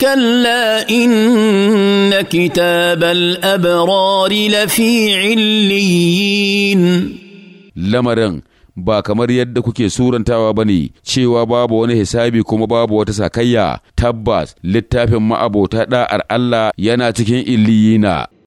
كلا إن كتاب الأبرار لفي عليين لمرن ba kamar yadda kuke surantawa ba ne cewa babu wani hisabi kuma babu wata sakayya tabbas littafin ma'abota da'ar Allah yana cikin illiyina